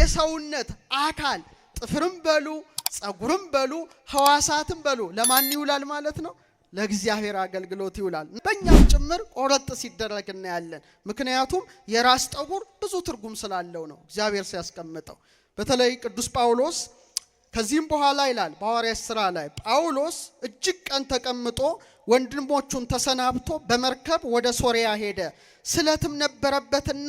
የሰውነት አካል ጥፍርም በሉ ጸጉርም በሉ ህዋሳትም በሉ ለማን ይውላል ማለት ነው? ለእግዚአብሔር አገልግሎት ይውላል። በእኛም ጭምር ቆረጥ ሲደረግ እናያለን። ምክንያቱም የራስ ጠጉር ብዙ ትርጉም ስላለው ነው እግዚአብሔር ሲያስቀምጠው። በተለይ ቅዱስ ጳውሎስ ከዚህም በኋላ ይላል በሐዋርያ ሥራ ላይ ጳውሎስ እጅግ ቀን ተቀምጦ ወንድሞቹን ተሰናብቶ በመርከብ ወደ ሶርያ ሄደ። ስለትም ነበረበትና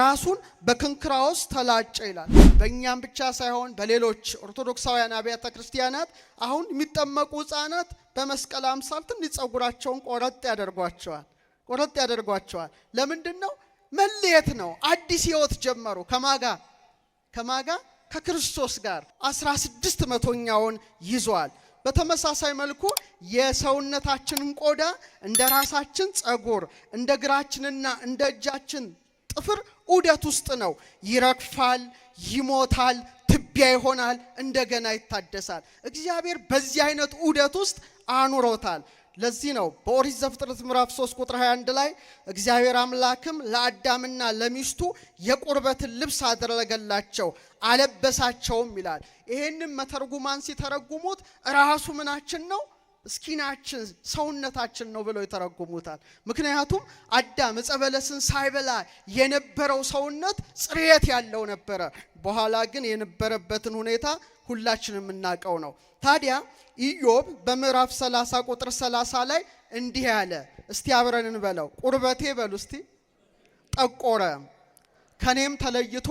ራሱን በክንክራውስ ተላጨ ይላል። በእኛም ብቻ ሳይሆን በሌሎች ኦርቶዶክሳውያን አብያተ ክርስቲያናት አሁን የሚጠመቁ ሕፃናት በመስቀል አምሳል ትንሽ ጸጉራቸውን ቆረጥ ያደርጓቸዋል። ቆረጥ ያደርጓቸዋል። ለምንድን ነው? መለየት ነው። አዲስ ህይወት ጀመሩ። ከማጋ ከማጋ ከክርስቶስ ጋር 16 መቶኛውን ይዟል። በተመሳሳይ መልኩ የሰውነታችንን ቆዳ እንደ ራሳችን ጸጉር እንደ እግራችንና እንደ እጃችን ጥፍር ዑደት ውስጥ ነው። ይረግፋል፣ ይሞታል፣ ትቢያ ይሆናል፣ እንደገና ይታደሳል። እግዚአብሔር በዚህ አይነት ዑደት ውስጥ አኑሮታል። ለዚህ ነው በኦሪት ዘፍጥረት ምዕራፍ 3 ቁጥር 21 ላይ እግዚአብሔር አምላክም ለአዳምና ለሚስቱ የቁርበትን ልብስ አደረገላቸው አለበሳቸውም ይላል። ይሄንን መተርጉማን ሲተረጉሙት ራሱ ምናችን ነው ስኪናችን ሰውነታችን ነው ብለው ይተረጉሙታል። ምክንያቱም አዳም ዕፀ በለስን ሳይበላ የነበረው ሰውነት ጽሬት ያለው ነበረ። በኋላ ግን የነበረበትን ሁኔታ ሁላችንም የምናውቀው ነው። ታዲያ ኢዮብ በምዕራፍ 30 ቁጥር 30 ላይ እንዲህ ያለ እስቲ አብረንን በለው ቁርበቴ በሉ እስቲ ጠቆረ፣ ከኔም ተለይቶ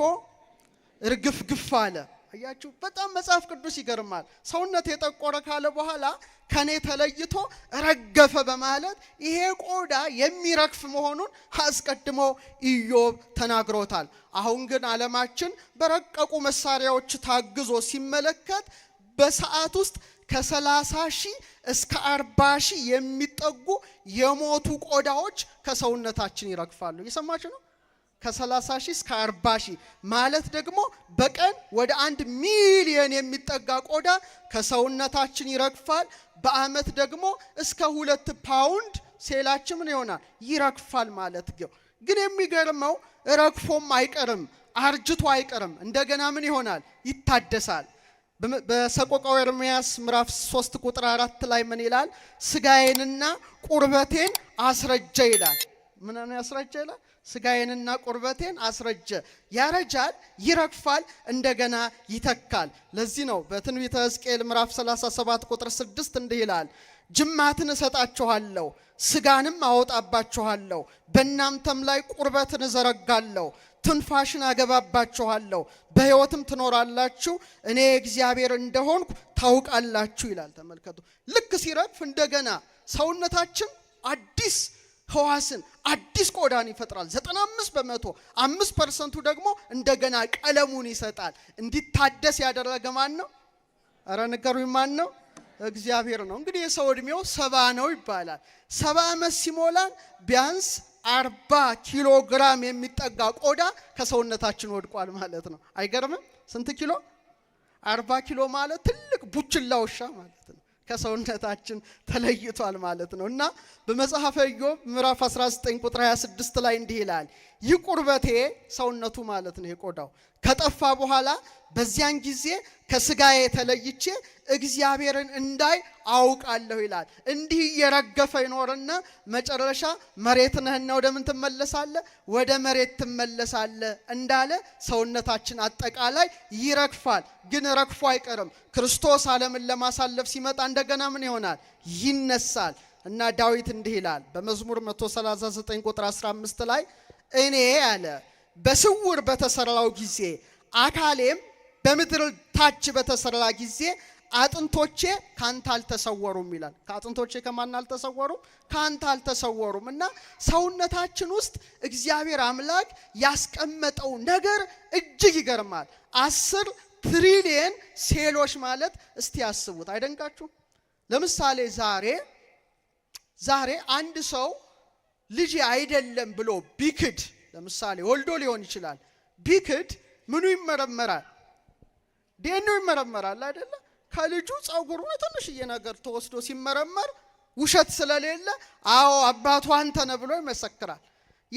እርግፍግፍ አለ። አያችሁ፣ በጣም መጽሐፍ ቅዱስ ይገርማል። ሰውነት የጠቆረ ካለ በኋላ ከኔ ተለይቶ ረገፈ በማለት ይሄ ቆዳ የሚረግፍ መሆኑን አስቀድሞ ኢዮብ ተናግሮታል። አሁን ግን ዓለማችን በረቀቁ መሳሪያዎች ታግዞ ሲመለከት በሰዓት ውስጥ ከሰላሳ ሺህ እስከ አርባ ሺህ የሚጠጉ የሞቱ ቆዳዎች ከሰውነታችን ይረግፋሉ። እየሰማችሁ ነው። ከ30 ሺህ እስከ 40 ሺህ ማለት ደግሞ በቀን ወደ አንድ ሚሊየን የሚጠጋ ቆዳ ከሰውነታችን ይረግፋል። በአመት ደግሞ እስከ ሁለት ፓውንድ ሴላችን ይሆናል ይረግፋል ማለት ነው። ግን የሚገርመው ረግፎም አይቀርም አርጅቶ አይቀርም። እንደገና ምን ይሆናል? ይታደሳል። በሰቆቃው ኤርምያስ ምዕራፍ 3 ቁጥር 4 ላይ ምን ይላል? ስጋዬንና ቁርበቴን አስረጀ ይላል። ምንን ያስረጀ ይላል? ስጋዬንና ቁርበቴን አስረጀ። ያረጃል፣ ይረግፋል፣ እንደገና ይተካል። ለዚህ ነው በትንቢተ ሕዝቅኤል ምዕራፍ 37 ቁጥር 6 እንዲህ ይላል ጅማትን እሰጣችኋለሁ፣ ስጋንም አወጣባችኋለሁ፣ በእናንተም ላይ ቁርበትን እዘረጋለሁ፣ ትንፋሽን አገባባችኋለሁ፣ በሕይወትም ትኖራላችሁ፣ እኔ እግዚአብሔር እንደሆንኩ ታውቃላችሁ ይላል። ተመልከቱ። ልክ ሲረግፍ እንደገና ሰውነታችን አዲስ ህዋስን አዲስ ቆዳን ይፈጥራል። 95 በመቶ አምስት ፐርሰንቱ ደግሞ እንደገና ቀለሙን ይሰጣል። እንዲታደስ ያደረገ ማን ነው? እረ ንገሩኝ፣ ማን ነው? እግዚአብሔር ነው። እንግዲህ የሰው እድሜው ሰባ ነው ይባላል። ሰባ ዓመት ሲሞላን ቢያንስ አርባ ኪሎ ግራም የሚጠጋ ቆዳ ከሰውነታችን ወድቋል ማለት ነው። አይገርምም? ስንት ኪሎ? አርባ ኪሎ ማለት ትልቅ ቡችላ ውሻ ማለት ነው። ከሰውነታችን ተለይቷል ማለት ነው እና በመጽሐፈ ኢዮብ ምዕራፍ 19 ቁጥር 26 ላይ እንዲህ ይላል። ይህ ቁርበቴ ሰውነቱ ማለት ነው የቆዳው ከጠፋ በኋላ በዚያን ጊዜ ከስጋዬ የተለይቼ እግዚአብሔርን እንዳይ አውቃለሁ ይላል። እንዲህ እየረገፈ ይኖርና መጨረሻ መሬት ነህና ወደ ምን ትመለሳለ? ወደ መሬት ትመለሳለ እንዳለ ሰውነታችን አጠቃላይ ይረግፋል። ግን ረግፎ አይቀርም። ክርስቶስ ዓለምን ለማሳለፍ ሲመጣ እንደገና ምን ይሆናል? ይነሳል። እና ዳዊት እንዲህ ይላል በመዝሙር 139 ቁጥር 15 ላይ እኔ ያለ በስውር በተሰራው ጊዜ አካሌም በምድር ታች በተሰራ ጊዜ አጥንቶቼ ካንተ አልተሰወሩም ይላል። ከአጥንቶቼ ከማን አልተሰወሩም? ካንተ አልተሰወሩም። እና ሰውነታችን ውስጥ እግዚአብሔር አምላክ ያስቀመጠው ነገር እጅግ ይገርማል። አስር ትሪሊየን ሴሎች ማለት እስቲ ያስቡት፣ አይደንቃችሁ? ለምሳሌ ዛሬ ዛሬ አንድ ሰው ልጅ አይደለም ብሎ ቢክድ፣ ለምሳሌ ወልዶ ሊሆን ይችላል ቢክድ፣ ምኑ ይመረመራል? ዴኔው ይመረመራል አይደለ? ከልጁ ጸጉሩ ትንሽዬ ነገር ተወስዶ ሲመረመር ውሸት ስለሌለ አዎ አባቱ አንተ ነህ ብሎ ይመሰክራል።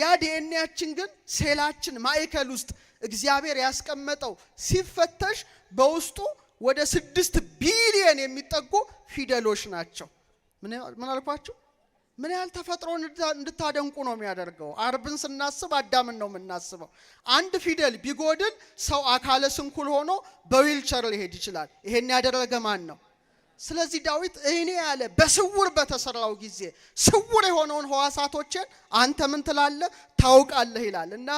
ያ ዲኤንኤያችን ግን ሴላችን ማዕከል ውስጥ እግዚአብሔር ያስቀመጠው ሲፈተሽ በውስጡ ወደ ስድስት ቢሊየን የሚጠጉ ፊደሎች ናቸው። ምን አልኳችሁ? ምን ያህል ተፈጥሮ እንድታደንቁ ነው የሚያደርገው። አርብን ስናስብ አዳምን ነው የምናስበው። አንድ ፊደል ቢጎድል ሰው አካለ ስንኩል ሆኖ በዊልቸር ሊሄድ ይችላል። ይሄን ያደረገ ማን ነው? ስለዚህ ዳዊት እኔ ያለ በስውር በተሰራው ጊዜ ስውር የሆነውን ህዋሳቶችን አንተ ምን ትላለህ ታውቃለህ ይላል እና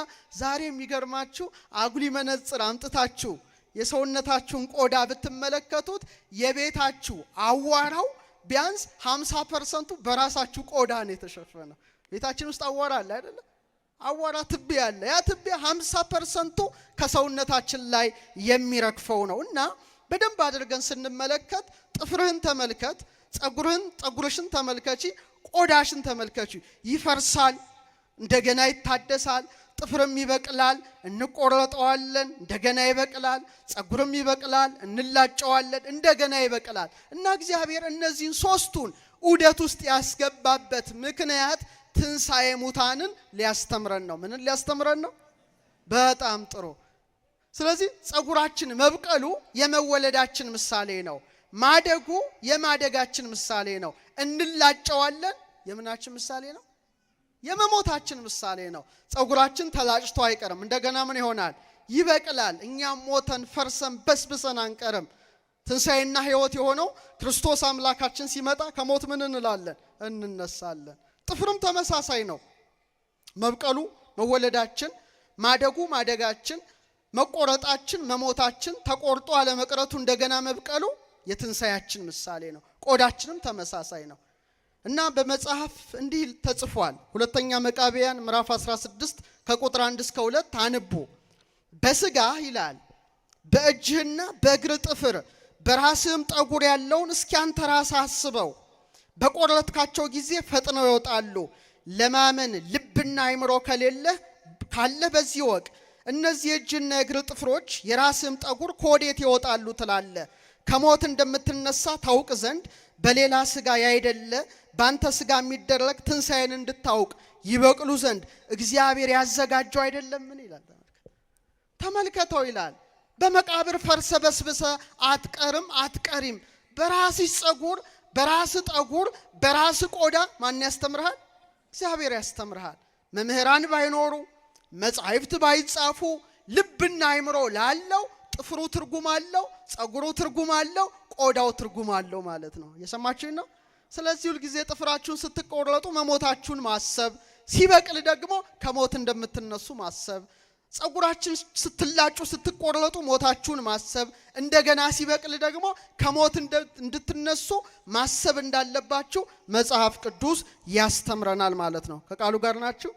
ዛሬ የሚገርማችሁ አጉሊ መነጽር አምጥታችሁ የሰውነታችሁን ቆዳ ብትመለከቱት የቤታችሁ አዋራው ቢያንስ 50 ፐርሰንቱ በራሳችሁ ቆዳ ነው የተሸፈነው። ቤታችን ውስጥ አዋራ አለ አይደለ? አዋራ ትቢያ አለ። ያ ትቢያ 50 ፐርሰንቱ ከሰውነታችን ላይ የሚረግፈው ነው እና በደንብ አድርገን ስንመለከት ጥፍርህን ተመልከት፣ ጸጉርህን ጸጉርሽን ተመልከቺ፣ ቆዳሽን ተመልከቺ። ይፈርሳል፣ እንደገና ይታደሳል። ጥፍርም ይበቅላል፣ እንቆረጠዋለን፣ እንደገና ይበቅላል። ጸጉርም ይበቅላል፣ እንላጨዋለን፣ እንደገና ይበቅላል እና እግዚአብሔር እነዚህን ሶስቱን ዑደት ውስጥ ያስገባበት ምክንያት ትንሣኤ ሙታንን ሊያስተምረን ነው። ምንን ሊያስተምረን ነው? በጣም ጥሩ። ስለዚህ ጸጉራችን መብቀሉ የመወለዳችን ምሳሌ ነው። ማደጉ የማደጋችን ምሳሌ ነው። እንላጨዋለን የምናችን ምሳሌ ነው የመሞታችን ምሳሌ ነው። ጸጉራችን ተላጭቶ አይቀርም። እንደገና ምን ይሆናል? ይበቅላል። እኛም ሞተን ፈርሰን በስብሰን አንቀርም። ትንሣኤና ሕይወት የሆነው ክርስቶስ አምላካችን ሲመጣ ከሞት ምን እንላለን? እንነሳለን። ጥፍርም ተመሳሳይ ነው። መብቀሉ መወለዳችን፣ ማደጉ ማደጋችን፣ መቆረጣችን መሞታችን፣ ተቆርጦ አለመቅረቱ፣ እንደገና መብቀሉ የትንሣያችን ምሳሌ ነው። ቆዳችንም ተመሳሳይ ነው። እና በመጽሐፍ እንዲህ ተጽፏል። ሁለተኛ መቃብያን ምዕራፍ 16 ከቁጥር 1 እስከ 2 አንቡ። በስጋ ይላል በእጅህና በእግር ጥፍር በራስህም ጠጉር ያለውን እስኪ አንተ አስበው። በቆረጥካቸው ጊዜ ፈጥነው ይወጣሉ። ለማመን ልብና አይምሮ ከሌለ ካለ በዚህ ወቅ እነዚህ የእጅና የእግር ጥፍሮች የራስህም ጠጉር ከወዴት ይወጣሉ ትላለ ከሞት እንደምትነሳ ታውቅ ዘንድ በሌላ ስጋ ያይደለ ባንተ ስጋ የሚደረግ ትንሣኤን እንድታውቅ ይበቅሉ ዘንድ እግዚአብሔር ያዘጋጀው አይደለምን ይላል። ተመልከተው ይላል። በመቃብር ፈርሰ በስብሰ አትቀርም አትቀሪም። በራስ ጸጉር፣ በራስ ጠጉር፣ በራስ ቆዳ ማን ያስተምርሃል? እግዚአብሔር ያስተምርሃል። መምህራን ባይኖሩ መጻሕፍት ባይጻፉ ልብና አይምሮ ላለው ጥፍሩ ትርጉም አለው፣ ጸጉሩ ትርጉም አለው፣ ቆዳው ትርጉም አለው ማለት ነው። እየሰማችሁኝ ነው? ስለዚህ ሁልጊዜ ጥፍራችሁን ስትቆረጡ መሞታችሁን ማሰብ፣ ሲበቅል ደግሞ ከሞት እንደምትነሱ ማሰብ፣ ጸጉራችን ስትላጩ ስትቆረጡ ሞታችሁን ማሰብ፣ እንደገና ሲበቅል ደግሞ ከሞት እንድትነሱ ማሰብ እንዳለባችሁ መጽሐፍ ቅዱስ ያስተምረናል ማለት ነው። ከቃሉ ጋር ናችሁ።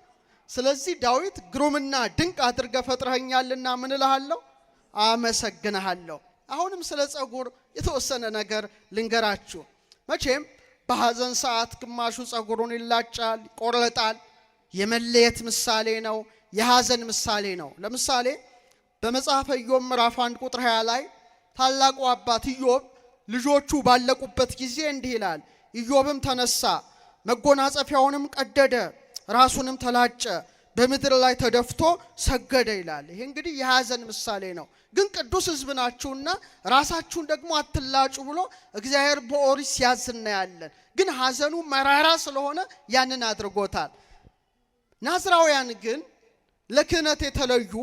ስለዚህ ዳዊት ግሩምና ድንቅ አድርገ ፈጥረኸኛልና ምን እልሃለሁ? አመሰግንሃለሁ። አሁንም ስለ ጸጉር የተወሰነ ነገር ልንገራችሁ መቼም በሐዘን ሰዓት ግማሹ ጸጉሩን ይላጫል፣ ይቆረጣል። የመለየት ምሳሌ ነው። የሐዘን ምሳሌ ነው። ለምሳሌ በመጽሐፈ ኢዮብ ምዕራፍ 1 ቁጥር 20 ላይ ታላቁ አባት ኢዮብ ልጆቹ ባለቁበት ጊዜ እንዲህ ይላል፣ ኢዮብም ተነሳ፣ መጎናጸፊያውንም ቀደደ፣ ራሱንም ተላጨ በምድር ላይ ተደፍቶ ሰገደ ይላል። ይሄ እንግዲህ የሐዘን ምሳሌ ነው። ግን ቅዱስ ሕዝብ ናችሁና ራሳችሁን ደግሞ አትላጩ ብሎ እግዚአብሔር በኦሪት ሲያዝ እናያለን። ግን ሐዘኑ መራራ ስለሆነ ያንን አድርጎታል። ናዝራውያን ግን ለክህነት የተለዩ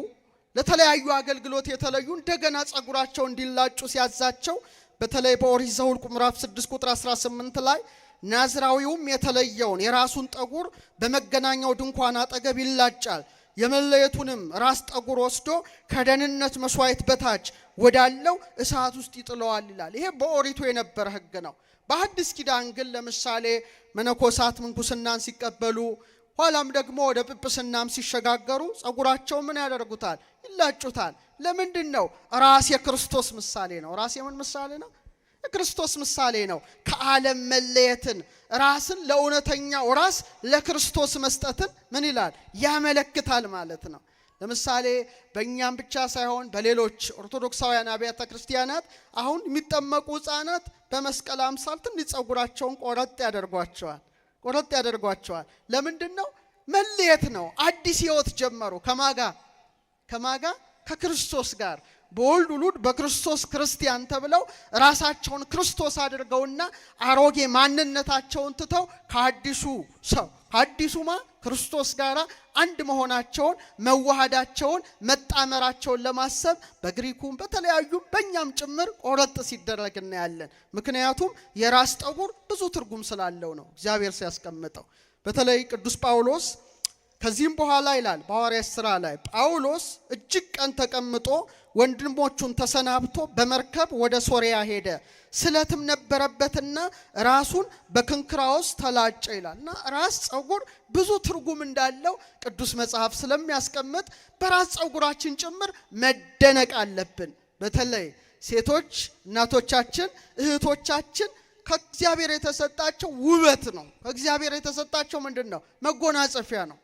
ለተለያዩ አገልግሎት የተለዩ እንደገና ጸጉራቸው እንዲላጩ ሲያዛቸው በተለይ በኦሪት ዘኍልቍ ምዕራፍ 6 ቁጥር 18 ላይ ናዝራዊውም የተለየውን የራሱን ጠጉር በመገናኛው ድንኳን አጠገብ ይላጫል። የመለየቱንም ራስ ጠጉር ወስዶ ከደህንነት መስዋዕት በታች ወዳለው እሳት ውስጥ ይጥለዋል ይላል። ይሄ በኦሪቱ የነበረ ሕግ ነው። በአዲስ ኪዳን ግን ለምሳሌ መነኮሳት ምንኩስናን ሲቀበሉ ኋላም ደግሞ ወደ ጵጵስናም ሲሸጋገሩ ጸጉራቸው ምን ያደርጉታል? ይላጩታል። ለምንድን ነው? ራስ የክርስቶስ ምሳሌ ነው። ራስ የምን ምሳሌ ነው? ክርስቶስ ምሳሌ ነው። ከዓለም መለየትን ራስን ለእውነተኛው ራስ ለክርስቶስ መስጠትን ምን ይላል ያመለክታል ማለት ነው። ለምሳሌ በእኛም ብቻ ሳይሆን በሌሎች ኦርቶዶክሳውያን አብያተ ክርስቲያናት አሁን የሚጠመቁ ሕፃናት በመስቀል አምሳል ትንሽ ጸጉራቸውን ቆረጥ ያደርጓቸዋል ቆረጥ ያደርጓቸዋል። ለምንድን ነው? መለየት ነው። አዲስ ህይወት ጀመሩ። ከማጋ ከማጋ ከክርስቶስ ጋር በወልድ ውሉድ በክርስቶስ ክርስቲያን ተብለው ራሳቸውን ክርስቶስ አድርገውና አሮጌ ማንነታቸውን ትተው ከአዲሱ ሰው ከአዲሱ ማ ክርስቶስ ጋር አንድ መሆናቸውን መዋሃዳቸውን መጣመራቸውን ለማሰብ በግሪኩም በተለያዩም በእኛም ጭምር ቆረጥ ሲደረግ እናያለን። ምክንያቱም የራስ ጠጉር ብዙ ትርጉም ስላለው ነው እግዚአብሔር ሲያስቀምጠው በተለይ ቅዱስ ጳውሎስ ከዚህም በኋላ ይላል በሐዋርያት ሥራ ላይ ጳውሎስ እጅግ ቀን ተቀምጦ ወንድሞቹን ተሰናብቶ በመርከብ ወደ ሶርያ ሄደ። ስለትም ነበረበትና ራሱን በክንክራውስ ተላጨ ይላል እና ራስ ጸጉር ብዙ ትርጉም እንዳለው ቅዱስ መጽሐፍ ስለሚያስቀምጥ በራስ ጸጉራችን ጭምር መደነቅ አለብን። በተለይ ሴቶች እናቶቻችን፣ እህቶቻችን ከእግዚአብሔር የተሰጣቸው ውበት ነው። ከእግዚአብሔር የተሰጣቸው ምንድን ነው? መጎናጸፊያ ነው።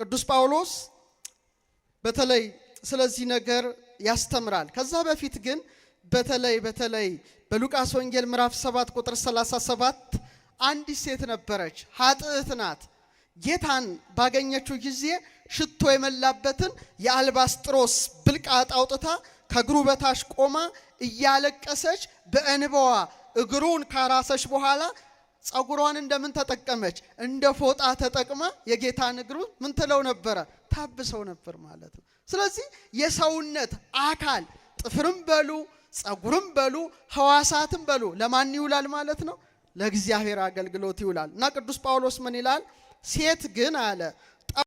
ቅዱስ ጳውሎስ በተለይ ስለዚህ ነገር ያስተምራል። ከዛ በፊት ግን በተለይ በተለይ በሉቃስ ወንጌል ምዕራፍ 7 ቁጥር 37 አንዲት ሴት ነበረች፣ ኃጥእት ናት። ጌታን ባገኘችው ጊዜ ሽቶ የመላበትን የአልባስጥሮስ ብልቃጥ አውጥታ ከእግሩ በታች ቆማ እያለቀሰች በእንባዋ እግሩን ካራሰች በኋላ ጸጉሯን እንደምን ተጠቀመች? እንደ ፎጣ ተጠቅማ የጌታን እግሩ ምን ትለው ነበረ? ታብሰው ነበር ማለት ነው። ስለዚህ የሰውነት አካል ጥፍርም በሉ ጸጉርም በሉ ህዋሳትም በሉ ለማን ይውላል ማለት ነው? ለእግዚአብሔር አገልግሎት ይውላል እና ቅዱስ ጳውሎስ ምን ይላል? ሴት ግን አለ